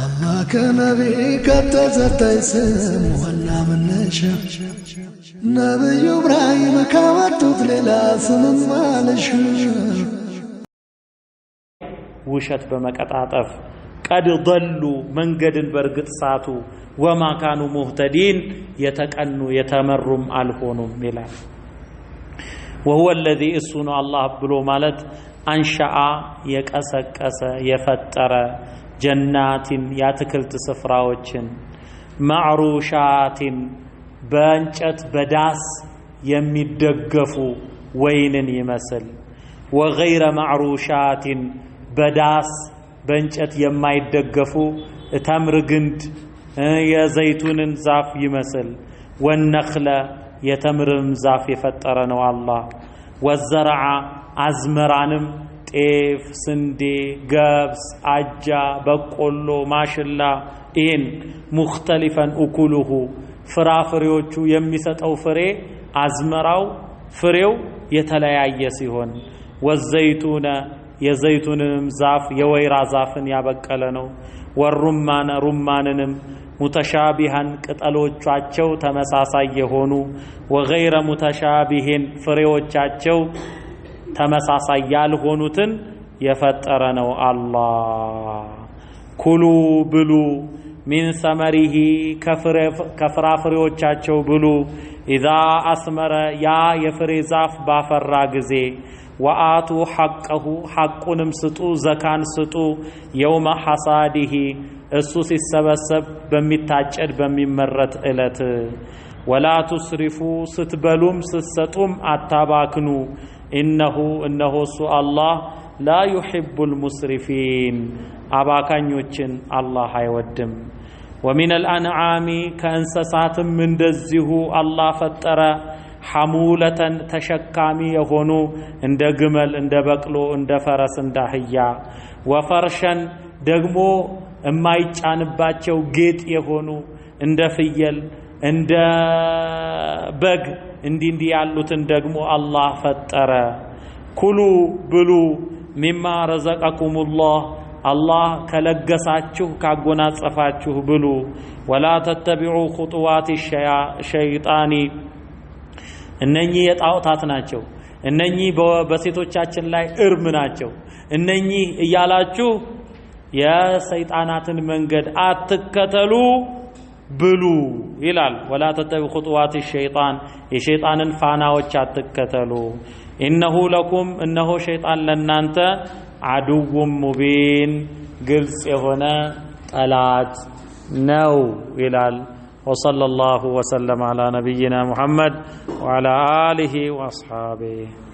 አላህ ከነቢ ከተዘታይ ስም ዋና መነሻ ነብዩ ኢብራሂም ካመጡት ሌላ ስምም ማለሽ ውሸት በመቀጣጠፍ ቀድ ضሉ መንገድን በእርግጥ ሳቱ ወማ ካኑ ሙህተዲን የተቀኑ የተመሩም አልሆኑም ይላል። ወሁወ አለዚ እሱ ነው አላህ ብሎ ማለት አንሻአ የቀሰቀሰ የፈጠረ ጀናቲን የአትክልት ስፍራዎችን ማዕሩሻቲን በእንጨት በዳስ የሚደገፉ ወይንን ይመስል ወገይረ ማዕሩሻቲን በዳስ በእንጨት የማይደገፉ እተምር ግንድ የዘይቱንን ዛፍ ይመስል ወነክለ የተምርም ዛፍ የፈጠረ ነው አላህ ወዘርዓ አዝመራንም ጤፍ፣ ስንዴ፣ ገብስ፣ አጃ፣ በቆሎ፣ ማሽላ ኢን ሙክተሊፈን እኩሉሁ ፍራፍሬዎቹ የሚሰጠው ፍሬ አዝመራው ፍሬው የተለያየ ሲሆን ወዘይቱነ የዘይቱንንም ዛፍ የወይራ ዛፍን ያበቀለ ነው። ወሩማነ ሩማንንም ሙተሻቢሃን ቅጠሎቻቸው ተመሳሳይ የሆኑ ወገይረ ሙተሻቢሄን ፍሬዎቻቸው ተመሳሳይ ያልሆኑትን የፈጠረ ነው አላህ። ኩሉ ብሉ፣ ሚን ሰመሪሂ ከፍራፍሬዎቻቸው ብሉ። ኢዛ አስመረ ያ የፍሬ ዛፍ ባፈራ ጊዜ ወአቱ ሐቀሁ ሐቁንም ስጡ፣ ዘካን ስጡ። የውመ ሐሳዲሂ እሱ ሲሰበሰብ በሚታጨድ በሚመረት ዕለት። ወላ ቱስሪፉ ስትበሉም ስትሰጡም አታባክኑ። ኢነሁ እነሆ እሱ አላህ ላ ዩሒቡል ሙስሪፊን አባካኞችን አላህ አይወድም። ወሚነል አንዓሚ ከእንስሳትም እንደዚሁ አላህ ፈጠረ ሐሙለተን ተሸካሚ የሆኑ እንደ ግመል፣ እንደ በቅሎ፣ እንደ ፈረስ፣ እንደ አህያ ወፈርሸን ደግሞ የማይጫንባቸው ጌጥ የሆኑ እንደ ፍየል እንደ በግ እንዲህ እንዲህ ያሉትን ደግሞ አላህ ፈጠረ። ኩሉ ብሉ ሚማ ላህ አላህ ከለገሳችሁ ካጎናጸፋችሁ ብሉ። ወላ ተተቢዑ ኹጡዋት ሸይጣኒ እነኚህ የጣዖታት ናቸው። እነኚህ በሴቶቻችን ላይ እርም ናቸው። እነኚህ እያላችሁ የሰይጣናትን መንገድ አትከተሉ። ብሉ ይላል። ወላ ተጠቢ ኹጡዋት ሸይጣን የሸይጣንን ፋናዎች አትከተሉ። ኢነሁ ለኩም እነሆ ሸይጣን ለእናንተ አድውም ሙቢን ግልጽ የሆነ ጠላት ነው ይላል። ወሰለላሁ ወሰለም አላ ነቢይና ሙሐመድ ወአላ አሊሂ ወአስሓቢህ